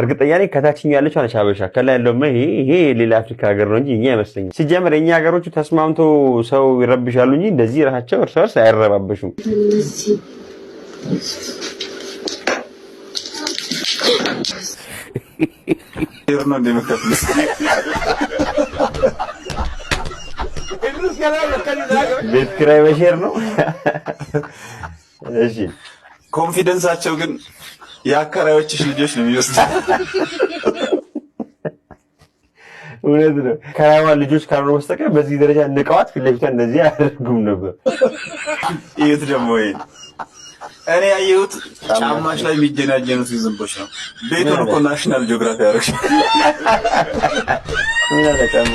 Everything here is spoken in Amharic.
እርግጠኛ ነኝ ከታችኛው ያለችው አለች አበሻ ከላይ ያለው ይሄ ሌላ አፍሪካ ሀገር ነው እንጂ እኛ አይመስለኝም። ሲጀምር እኛ ሀገሮቹ ተስማምቶ ሰው ይረብሻሉ እንጂ እንደዚህ ራሳቸው እርስ በርስ አይረባበሹም። ነው ቤት ኪራይ በሼር ነው። እሺ ኮንፊደንሳቸው ግን የአከራዮችሽ ልጆች ነው የሚወስደው። እውነት ነው። ከራይዋ ልጆች ካልሆነ በስተቀር በዚህ ደረጃ ንቀዋት ፊት ለፊቷ እንደዚህ አያደርጉም ነበር። ይሁት ደግሞ ይሄን እኔ ያየሁት ጫማሽ ላይ የሚጀናጀኑት ዝንቦች ነው። ቤቱን እኮ ናሽናል ጂኦግራፊ ያደረግሽ ምን አለ ጫማ